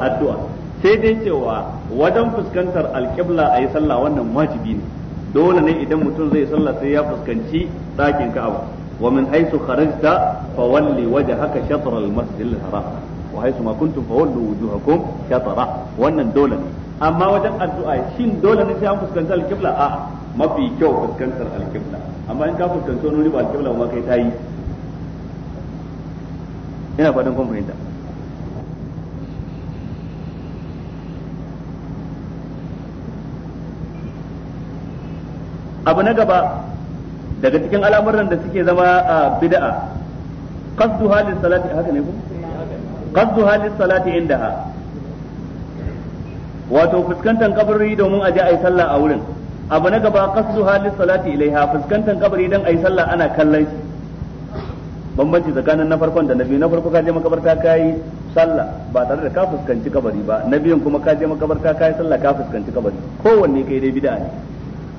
addu'a sai dai cewa wajen fuskantar alƙibla a yi sallah wannan wajibi ne dole ne idan mutum zai sallah sai ya fuskanci ɗakin ka'aba wa min haythu kharajta fa walli wajhaka shatr al-masjid al-haram wa haythu ma kuntum fa wallu wujuhakum shatra wannan dole ne amma wajen addu'a shin dole ne sai an fuskanci alƙibla a mafi kyau fuskantar alƙibla amma in ka fuskanci wani ba alƙibla ma kai tayi ina fatan kun fahimta abu na gaba daga cikin al'amuran da suke zama a bid'a qasdu halis salati haka ne ku qasdu halis salati indaha wato fuskantar kabari domin a je a yi sallah a wurin abu na gaba qasdu halis salati ilaiha fuskantar kabari dan a yi sallah ana kallon shi bambanci tsakanin na farkon da na biyu na farko ka je makabarta ka yi sallah ba tare da ka fuskanci kabari ba na biyun kuma ka je makabarta ka yi sallah ka fuskanci kabari kowanne kai dai bid'a ne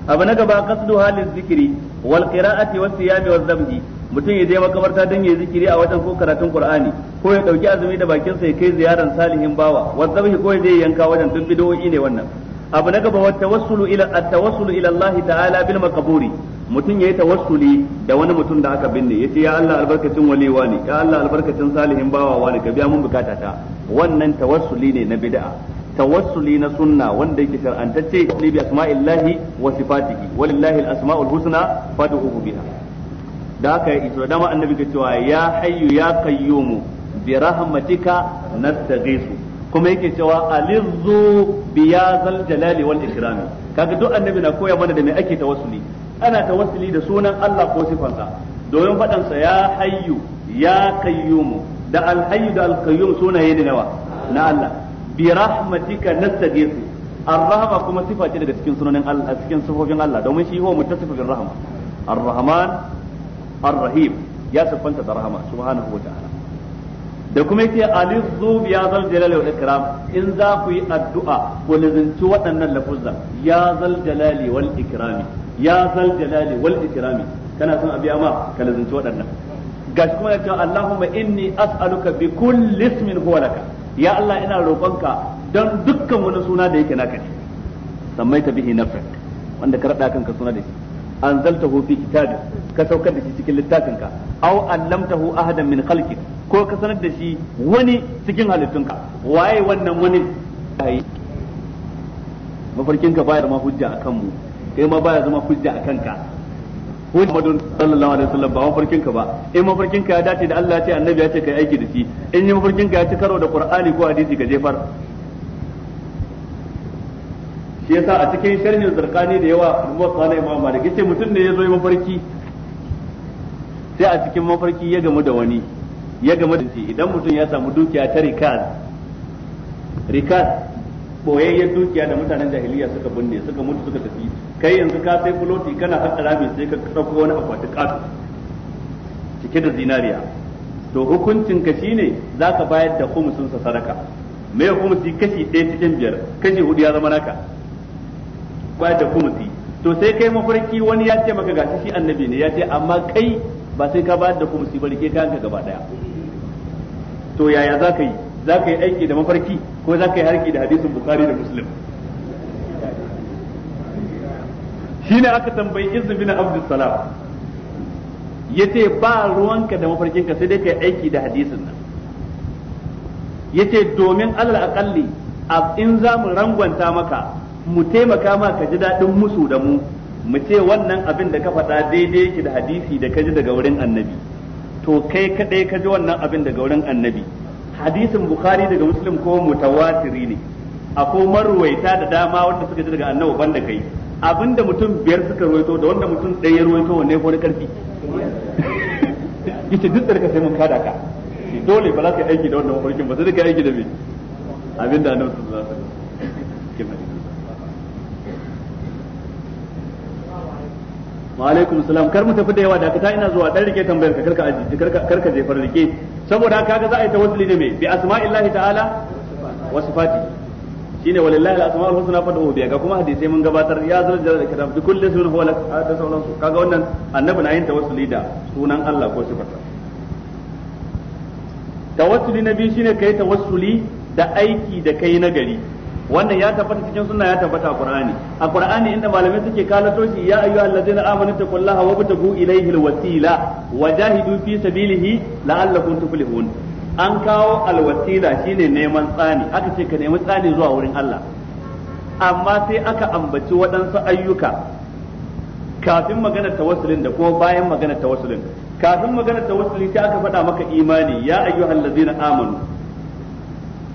abu na gaba kasdu halin zikiri wal qira'ati was siyami waz zamji mutum ya je makamarta don ya zikiri a wajen ko karatun qur'ani ko ya ɗauki azumi da bakin sa ya kai ziyaran salihin bawa waz zamji ko ya je yanka wajen duk bid'o'i ne wannan abu na gaba wat tawassulu ila at tawassulu ila Allah ta'ala bil maqburi mutum yayi tawassuli da wani mutum da aka binne ce ya Allah albarkacin waliwa ne ya Allah albarkacin salihin bawa wani ka biya mun bukata ta wannan tawassuli ne na bid'a tawassuli na sunna wanda yake shar'antacce ne bi asma'illahi wa sifatihi walillahi al-asma'ul husna fad'uhu biha da haka ya iso dama annabi ke cewa ya hayyu ya qayyumu bi rahmatika nastaghisu kuma yake cewa alizzu bi ya zal jalali wal ikram kaga duk annabi na koya mana da me ake tawassuli ana tawassuli da sunan Allah ko sifansa domin faɗansa sa ya hayyu ya qayyumu da al hayyu da al qayyum sunaye ne nawa na Allah bi rahmatika nastaghiithu ar-rahma kuma sifa daga cikin sunanin Allah cikin sifofin Allah domin shi huwa muttasifu bir rahma ar-rahman ya da da kuma yake alizu ya zal jalali wal ikram in za ku yi addu'a ku lizinci waɗannan lafuzza ya zal jalali wal ikrami ya zal jalali wal ikrami kana son a biya ma ka waɗannan gashi kuma ya ce Allahumma inni as'aluka bi kulli ismin huwa laka ya Allah ina roƙonka don dukkan wani suna da yake naka ne ta bihi nafsak wanda ka rada kanka suna da shi anzaltahu fi kitabik ka saukar da shi cikin littafinka aw allamtahu ahadan min khalqik ko ka sanar da shi wani cikin halittunka waye wannan wani ai mafarkin ka bayar ma hujja akan mu kai ma baya zama hujja akan ka ko Muhammadu sallallahu alaihi wasallam ba mafarkin ka ba in mafarkin ka ya dace da Allah ya ce annabi ya ce kai aiki da shi in yi mafarkin ka ya ci karo da Qur'ani ko hadisi ka jefar shi yasa a cikin sharhin zarqani da yawa Muwatta na Imam Malik yace mutum ne ya zo mafarki sai a cikin mafarki ya gamu da wani ya gamu da shi idan mutum ya samu dukiya ta rikad rikaz boyayyen dukiya da mutanen jahiliya suka binne suka mutu suka tafi kai yanzu ka sai buloti kana haƙa rami sai ka ɗauko wani akwati ƙato cike da zinariya to hukuncin ka shine za ka bayar da kumusin sa sadaka me kumusi kashi ɗaya cikin biyar kashi hudu ya zama naka bayar da kumusi to sai kai mafarki wani ya ce maka gashi shi annabi ne ya ce amma kai ba sai ka bayar da kumusi ba rike ka gaba daya to yaya za ka yi za ka yi aiki da mafarki ko za ka yi harki da hadisin bukhari da muslim shine aka tambayi Izz bin Abdus Salam yace ba ruwanka da mafarkinka sai dai ka yi aiki da hadisin nan yace domin alal aqalli in za mu rangwanta maka mu taimaka ma ka ji daɗin musu da mu mu ce wannan abin da ka faɗa daidai yake da hadisi da ka ji daga wurin annabi to kai kaɗai ka ji wannan abin daga wurin annabi hadisin bukhari daga muslim ko mutawatiri ne akwai marwaita da dama wanda suka ji daga annabi banda kai abinda mutum biyar suka ruwaito da wanda mutum ɗaya ya ruwaito wanne ko na karfi yace duk da sai mun kada ka dole ba za ka aiki da wannan mafarkin ba sai ka aiki da me abinda annabi sallallahu alaihi wasallam ke wa alaikum salam kar mu tafi da yawa dakata ina zuwa dan rike tambayar ka karka aji karka karka jefar rike saboda kaga za a yi tawassuli ne me bi asma'illahi ta'ala wa sifatihi shine walillahi al-asmaul husna fad'u biha ga kuma hadisi mun gabatar ya zama da kitab bi kulli sunan huwa lak hada da su kaga wannan annabi na yin tawassuli da sunan Allah ko sifarsa tawassuli nabi shine kai tawassuli da aiki da kai na gari wannan ya tabbata cikin sunna ya tabbata a Qur'ani a Qur'ani inda malamai suke to shi ya ayyuhal ladina amanu taqullaha wa btagu ilayhi al-wasila alwasila wajahidu fi sabilihi la'allakum tuflihun an kawo alwasila shine neman tsani aka ce ka nemi tsani zuwa wurin Allah amma sai aka ambaci waɗansu ayyuka kafin magana tawassulin da kuma bayan magana tawassulin kafin magana tawassuli sai aka faɗa maka imani ya ayyuhal ladzina amanu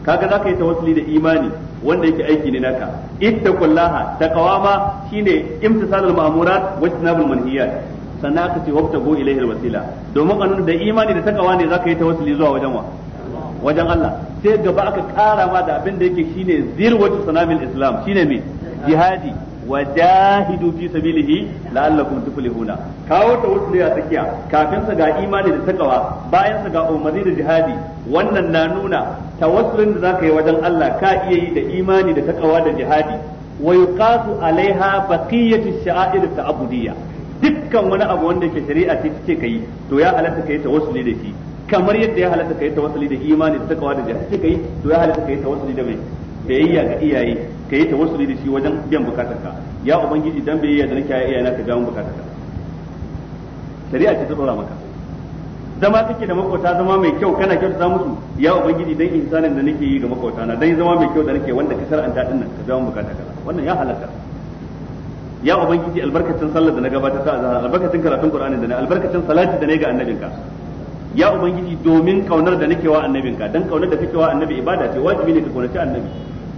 kaga zaka yi ta tawassuli da imani wanda yake aiki ne naka ittaqullaha taqwa ma shine imtisalul ma'murat wa tinabul manhiyat sannan aka ce wabta go ilaihi wasila domin kanun da imani da takawa ne zaka yi tawassuli zuwa wajen wa wajen Allah sai gaba aka kara ma da abin da yake shine zirwatu sanamil islam shine me jihadi wa jahidu fi sabilihi la'allakum tuflihuna kawo wasu ya tsakiya kafin sa ga imani da takawa bayan sa ga umarni da jihadi wannan na nuna tawassulin da zaka yi wajen Allah ka iya yi da imani da takawa da jihadi wa yuqatu alaiha baqiyatu ta ta'budiyya dukkan wani abu wanda ke shari'a ce take kai to ya halatta kai tawassuli da shi kamar yadda ya halatta kai tawassuli da imani da takawa da jihad kai to ya halatta kai tawassuli da mai biyayya ga iyaye kai tawassuli da shi wajen biyan bukatarka ya ubangiji dan biyayya da nake iyaye na ka ga mun bukatarka shari'a ce ta dora maka zama kake da makota zama mai kyau kana za musu ya ubangiji dan insanin da nake yi ga makota na dan zama mai kyau da nake wanda ka shar'anta din nan ka ga mun bukatarka wannan ya halatta ya ubangiji albarkacin sallar da na gabatar ta azhar albarkacin karatun qur'ani da na albarkacin salati da na ga annabinka ya ubangiji domin kaunar da nake wa annabinka dan kaunar da kake wa annabi ibada ce wajibi ne ka kaunaci annabi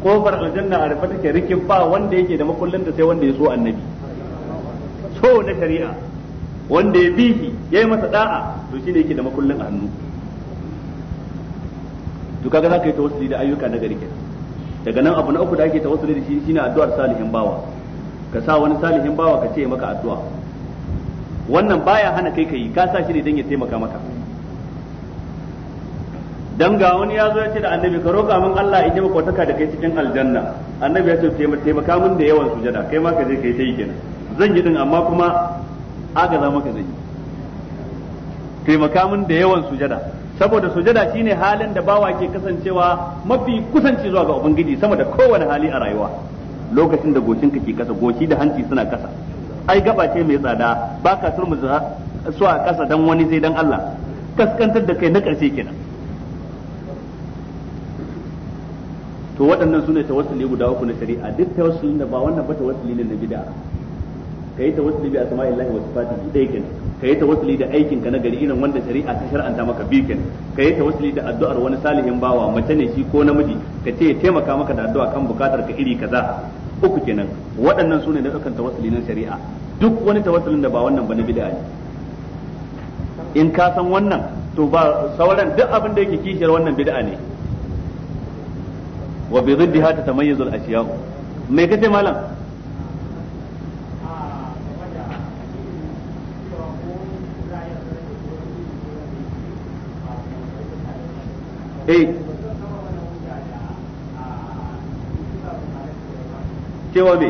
kofar aljanna a rufe take rikin ba wanda yake da makullin da sai wanda ya so annabi so na shari'a wanda ya bi ya yayi masa da'a to shine yake da makullin a hannu to kaga zaka yi tawassuli da ayyuka na gari kenan daga nan abu na uku da ake tawassuli da shi shine addu'ar salihin bawa ka sa wani salihin bawa ka ce maka addu'a wannan baya hana kai kai ka sa shi ne dan ya taimaka maka dan ga wani ya zo ya ce da annabi ka roƙa min Allah ya jima kwataka da kai cikin aljanna annabi ya ce taimaka min da yawan sujada kai ma ka je kai ta yi kenan zan yi din amma kuma agaza maka zan yi taimaka min da yawan sujada saboda sujada shine halin da bawa ke kasancewa mafi kusanci zuwa ga ubangiji sama da kowane hali a rayuwa lokacin da ka ke kasa goshi da hanci suna kasa ai gaba ce mai tsada ba ka turmuza su a kasa dan wani sai dan Allah kaskantar da kai na ƙarshe kenan to waɗannan sune tawassuli guda uku na shari'a duk tawassulin da ba wannan ba tawassuli ne na bid'a kai tawassuli bi asma'illahi wa sifatihi dai kenan kai tawassuli da aikin ka na gari irin wanda shari'a ta shar'anta maka bi kenan kai tawassuli da addu'ar wani salihin bawa mace ne shi ko namiji ka ce ya taimaka maka da addu'a kan bukatar ka iri kaza uku kenan waɗannan su ne da dukkan tawassuli na shari'a duk wani tawassulin da ba wannan ba na bid'a ne in ka san wannan to ba sauran duk abin da yake kishiyar wannan bid'a ne wa bi ziddiha tatamayyazu al-ashiya me kace malam eh cewa me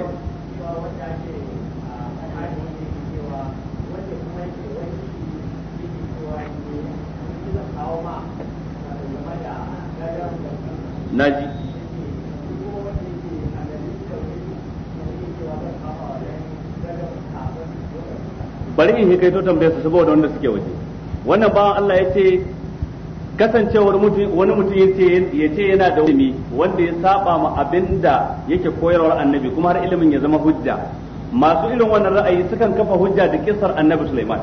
naji bari in hikaito tambayarsa su saboda wanda suke waje wannan bawan Allah ya ce kasancewar wani mutum ya ce yana da ilimi wanda ya saba ma abinda yake koyarwa annabi kuma har ilimin ya zama hujja masu irin wannan ra'ayi sukan kafa hujja da kisar annabi Sulaiman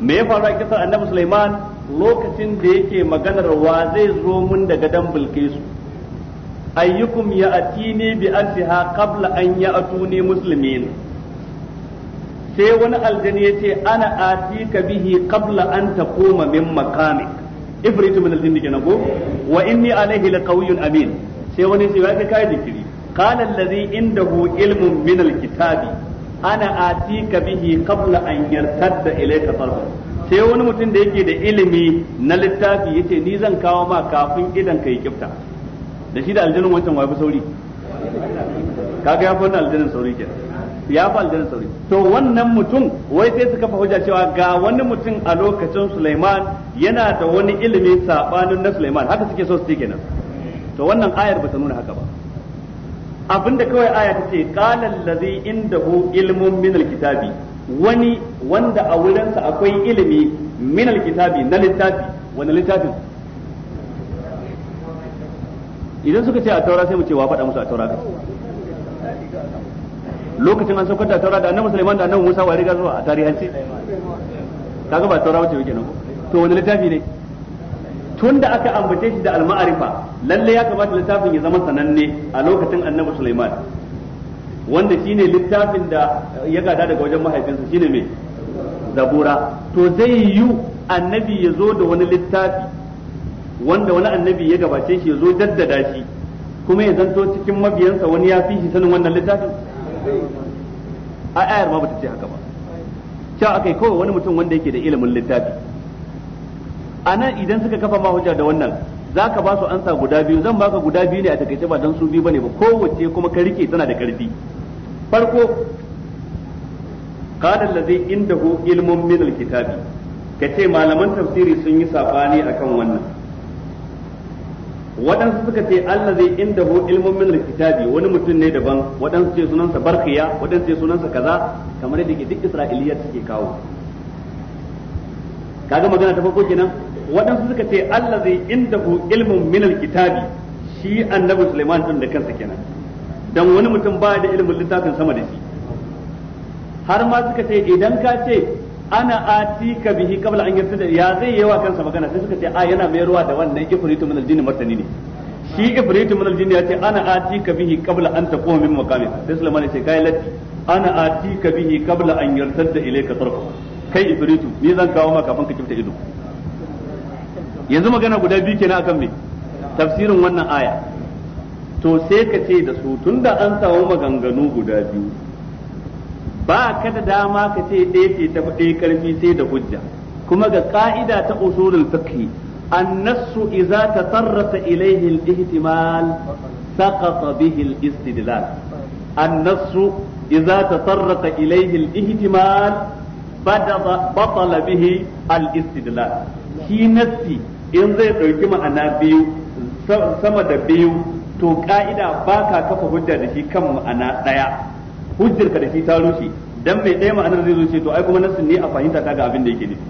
me ya faru a kisar annabi Sulaiman lokacin da yake maganar wa zai zo mun daga dan Bilkisu ayyukum ya atini bi antiha qabla an ya atuni muslimin sai wani aljani ya ce ana atika bihi qabla an taquma min makamik ifritu min al kenan ko wa inni alayhi laqawiyyun amin sai wani sai ya kai dikiri qala allazi indahu ilmun min al-kitabi ana atika bihi qabla an yartadda ilayka tarfu sai wani mutum da yake da ilimi na littafi yace ni zan kawo ma kafin idan kai kifta da shi da aljinin wancan wafi sauri kaga ya fa wannan aljinin sauri kenan ya fi aljanna sauri to wannan mutum wai sai su kafa hujja cewa ga wani mutum a lokacin Sulaiman yana da wani ilimi sabanin na Sulaiman haka suke so su ce kenan to wannan ayar ba ta nuna haka ba abinda kawai aya ta ce qala allazi indahu ilmun min alkitabi wani wanda a wurin sa akwai ilimi min alkitabi na littafi wani littafi. idan suka ce a taura sai mu ce wa faɗa musu a taura kai lokacin an saukar da taura da annabi Sulaiman da annabi Musa wari riga zuwa a tarihance kaga ba taura wace yake nan to wani littafi ne tun da aka ambace shi da al-ma'rifa lalle ya kamata littafin ya zama sananne a lokacin annabi Sulaiman wanda shine littafin da ya gada daga wajen mahaifinsa shine mai zabura to zai yiwu annabi ya zo da wani littafi wanda wani annabi ya gabace shi ya zo daddada shi kuma ya zanto cikin mabiyansa wani ya fi shi sanin wannan littafin a ayar ma bata ce haka ba cewa akai kawai wani mutum wanda yake da ilimin littafi a nan idan suka kafa ma hujja da wannan za ka ba su ansa guda biyu zan baka guda biyu ne a takaice ba dan su biyu bane ba kowace kuma ka rike tana da karfi farko qala allazi indahu ilmun min ka ce malaman tafsiri sun yi sabani akan wannan waɗansu suka ce Allah zai inda hu ilmin min alkitabi wani mutum ne daban waɗansu ce sunansa barkiya waɗansu ce sunansa kaza kamar yadda ke duk Isra'iliyya take kawo kaga magana ta farko kenan waɗansu suka ce Allah zai inda hu ilmin min alkitabi shi annabi Sulaiman din da kansa kenan dan wani mutum ba da ilmin littafin sama da shi har ma suka ce idan ka ce ana ati ka bihi kabla an yartada ya zai yawa kansa magana sai suka ce a yana mai ruwa da wannan ifritu min aljinni martani ne shi ifritu min aljinni ya ce ana ka bihi kabla an taquma min maqami sai sulaiman ya ce kai latti ana ati ka bihi kabla an yartada ilayka tarfa kai ifritu ni zan kawo maka kafin ka kifta ido yanzu magana guda biyu kenan akan me tafsirin wannan aya to sai ka ce da su tunda an samu maganganu guda biyu ba ka da dama ka ce ɗaya ce ta faɗe karfi sai da hujja kuma ga ka'ida ta usulul fiqh annasu idza tatarrata ilayhi al-ihtimal saqata bihi al-istidlal annasu idza tatarrata ilayhi al-ihtimal batala bihi al-istidlal shi nassi in zai ɗauki ma'ana biyu sama da biyu to ka'ida ba ka kafa hujja da shi kan ma'ana ɗaya hujjar ka da shi ta rushe dan mai ɗaya ma'anar zai zo ce to ai kuma nassin ne a fahimta ta ga abin da yake nufi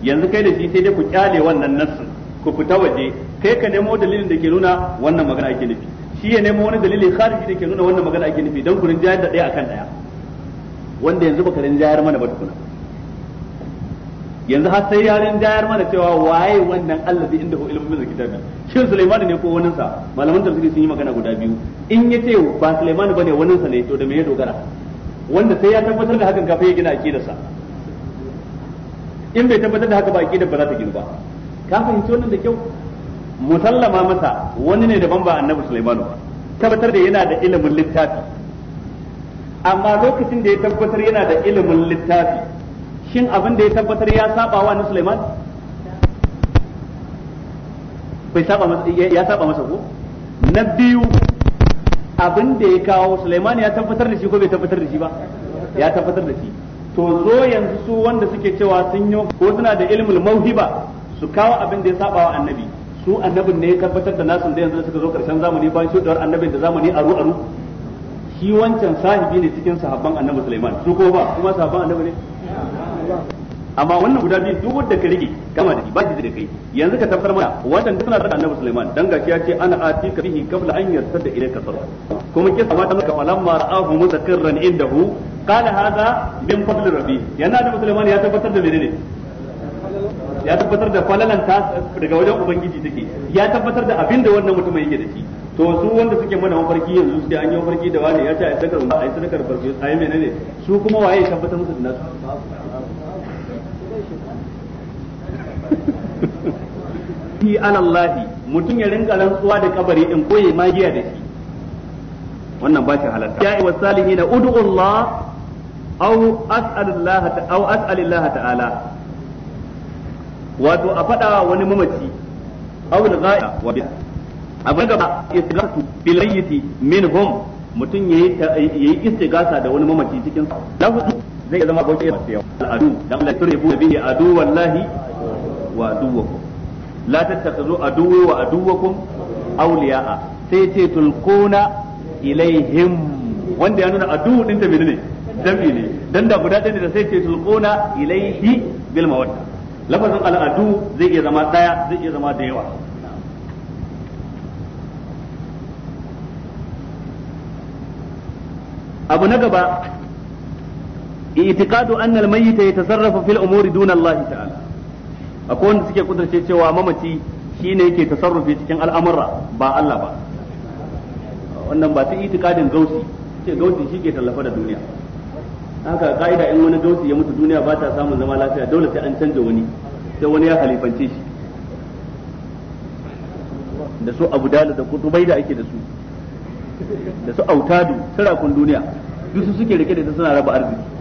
yanzu kai da shi sai dai ku kyale wannan nassin ku fita waje kai ka nemo dalilin da ke nuna wannan magana ake nufi shi ya nemo wani dalili khariji da ke nuna wannan magana ake nufi dan ku rinjayar da ɗaya akan ɗaya wanda yanzu baka rinjayar mana ba tukuna yanzu har sai yaren jayar mana cewa waye wannan Allah allazi indahu ilmu min kitabi shin Sulaiman ne ko wanin sa malaman tafsiri sun yi magana guda biyu in yace ba Sulaiman bane wanin sa ne to da me ya dogara wanda sai ya tabbatar da hakan kafin ya gina akidar sa in bai tabbatar da haka ba akidar ba za ta gina ba ka fahimci wannan da kyau musallama masa wani ne daban ba annabi Sulaiman ba tabbatar da yana da ilimin littafi amma lokacin da ya tabbatar yana da ilimin littafi cikin abin da ya tabbatar ya saba wa Sulaiman bai saba masa ya saba masa ko na biyu abin da ya kawo Sulaiman ya tabbatar da shi ko bai tabbatar da shi ba ya tabbatar da shi to zo yanzu su wanda suke cewa sun yi ko suna da ilmul mauhiba su kawo abin da ya saba wa annabi su annabin ne ya tabbatar da nasu da yanzu suka zo karshen zamani bayan shudawar annabin da zamani aru aru shi wancan sahibi ne cikin sahabban annabi Sulaiman su ko ba kuma sahabban annabi ne amma wannan guda biyu duk wanda ka rike kama da shi ba da kai yanzu ka tabbatar mana wannan duk suna da Annabi Sulaiman dan gashi ya ce ana ka bihi qabla an yartada ilayka sarwa kuma kisa ma maka ka falamma ra'ahu mutakarran indahu qala hadha min fadli rabbi yana da Sulaiman ya tabbatar da menene ya tabbatar da falalan ta daga wajen ubangiji take ya tabbatar da abin da wannan mutum yake da shi to su wanda suke mana mafarki yanzu sai an yi mafarki da wani ya ce ai sadakar ai sadakar farko ai menene su kuma waye tabbatar musu da nasu fi alallahi mutum ya rinka rantsuwa da kabari in ko magiya da shi wannan ba shi halatta ya wa salihina ud'u Allah aw as'alillah aw as'alillah ta'ala wato a fada wani mamaci aw al-ghaya wa bi abin gaba istighatu bil mayyiti minhum mutum yayi yayi istigasa da wani mamaci cikin lafazin zai iya zama aboki masu yawa al'adu da dan la turibu bihi adu wallahi wa adu wa aduwakum la tattakhudhu adu wa adu wa aduwakum awliya'a sai ce tulquna ilaihim wanda ya nuna adu din ta ne dami ne dan da guda ɗaya da sai ce tulquna ilaihi bil mawadda lafazin al'adu zai iya zama daya zai iya zama da yawa abu na gaba i'tiqadu anna al-mayyita yatasarrafu fil umuri duna Allah ta'ala akwai wanda suke kudurce cewa mamaci shine yake tasarrufi cikin al'amura ba Allah ba wannan ba ta itikadin gausi ce gausi shi ke tallafa da duniya haka ka'ida in wani gausi ya mutu duniya ba ta samun zama lafiya dole sai an canza wani sai wani ya halifance shi da su abu dala da kutubai da ake da su da su autadu sirakun duniya duk su suke rike da ita suna raba arziki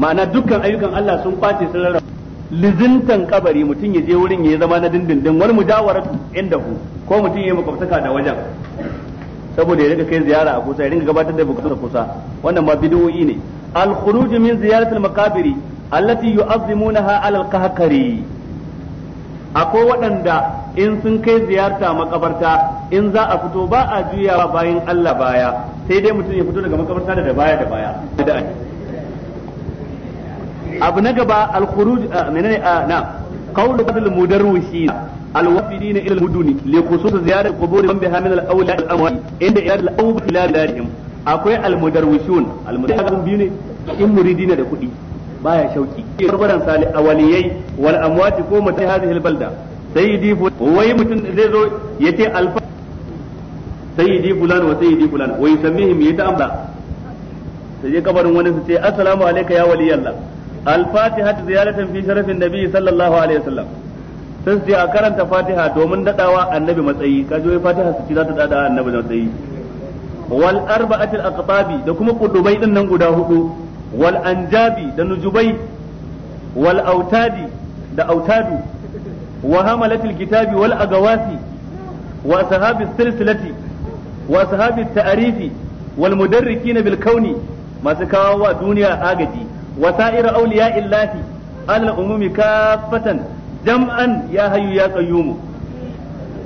ma'ana dukkan ayyukan Allah sun kwace sun rarraba lizintan kabari mutum ya je wurin ya zama na dindindin wani mujawaratu inda ku ko mutum ya makwabtaka da wajen saboda ya rika kai ziyara a kusa ya rika gabatar da bukatun kusa wannan ma bidiyoyi ne al khuruj min ziyaratil makabiri allati yu'azzimunaha ala al qahqari akwai waɗanda in sun kai ziyarta makabarta in za a fito ba a juyawa bayan Allah baya sai dai mutum ya fito daga makabarta da baya da baya abu na gaba al-khuruj ah, menene ah, na qawlu badal mudarrisin الوافدين الى المدن لخصوص زياره قبور من بها من الاولياء الاموات عند اياد الاوب الى دارهم akwai almudarwishun almudarwishun biyu ne in muridi ne da kuɗi baya shauki barbaran sali awaliyai wal amwati ko mutai hadhihi al balda sayyidi wai mutun zai zo yace alfa sayyidi fulan wa sayyidi fulan wa yusammihim yata amla sai kabarin wani su ce assalamu alayka ya waliyallah al-fatiha ziyaratan fi sharafin nabi sallallahu alaihi wasallam sun ce a karanta fatiha domin dadawa annabi matsayi kaji wai fatiha su ci za ta dada annabi matsayi wal arba'atil aqtabi da kuma kudubai ɗin nan guda hudu Wal'anjabi da nujubai wal autadi da autadu wa kitabi wal agawasi wa ashabis silsilati wa ashabit ta'rifi wal mudarrikin bil Bilkauni, masu kawo wa duniya agaji وسائر أولياء الله على العموم كافة جمعا يا هي يا قيوم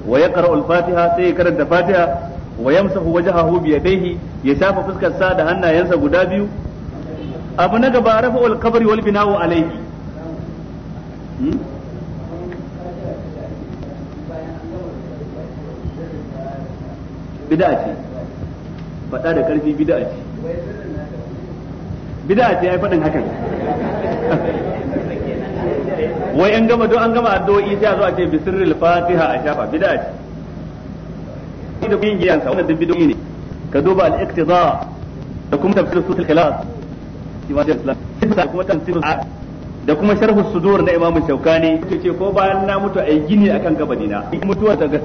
ويقرأ الفاتحة سيكرر الفاتحة ويمسح وجهه بيديه يشاف فسك السادة أن ينسى قدابيو أبنى قبارف القبر والبناء عليه bid'a ce faɗa da ƙarfi bid'a ce bid'a ce ya yi faɗin hakan wai an gama don an gama addu'o'i sai a zo a ce bi sirril fatiha a shafa bid'a ce da yin giyan sa wannan duk bid'o'i ne ka duba al-iqtida da kuma tafsir sutul ikhlas ibadul islam da kuma tafsir da kuma sharhu sudur na imamu shaukani yake ce ko bayan na mutu ai gini akan gabani na mutuwa daga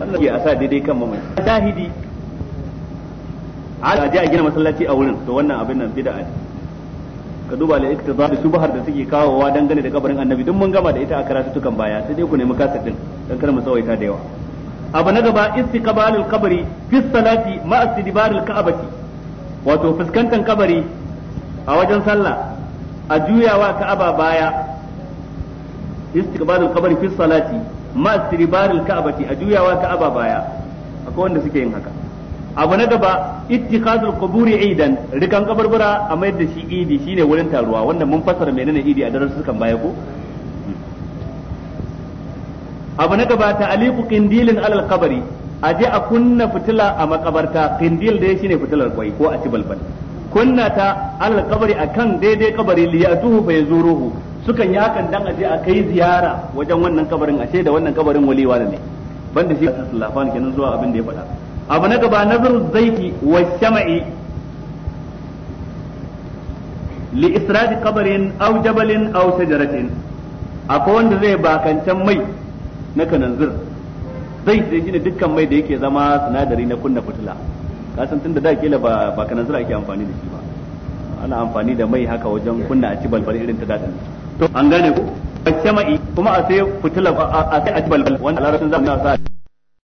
wannan ya asa daidai kan mamaci shahidi ala je a gina masallaci a wurin to wannan abin nan bid'a ne ka duba la iktiza da subhar da suke kawowa dangane da kabarin annabi duk mun gama da ita a karatu tukan baya sai dai ku nemi kasar dan kar mu tsawaita da yawa abu na gaba istiqbalul qabri fi salati ma istidbarul ka'bati wato fuskantar kabari a wajen sallah a juyawa ka'aba baya istiqbalul qabri fi salati ma istidbarul ka'bati a juyawa ka'aba baya akwai wanda suke yin haka abu na gaba ittikhazul quburi idan rikan kabarbura a mayar da shi idi shine wurin taruwa wannan mun fasara menene idi a darussukan baya ko abu na gaba ta'aliqu qindilin alal qabri a je a kunna fitila a makabarta qindil dai shine fitilar kwai ko a cibalbal kunna ta alal qabri akan daidai kabari li yatuhu fa yazuruhu sukan yi hakan dan aje a kai ziyara wajen wannan kabarin ashe da wannan kabarin waliwa ne banda shi sallallahu alaihi wasallam kenan zuwa abin da ya faɗa abu na gaba nazaru zaifi wa shama'i li isradi kabarin aw jabalin aw shajaratin akwai wanda zai bakancan mai na kananzir zai shi ne dukkan mai da yake zama sinadari na kunna fitila kasan tun da da kila ba ba kananzir ake amfani da shi ba ana amfani da mai haka wajen kunna a ci balbal irin ta dadin to an gane ku shama'i kuma a sai fitila a sai a ci balbal wanda larabcin zamani sa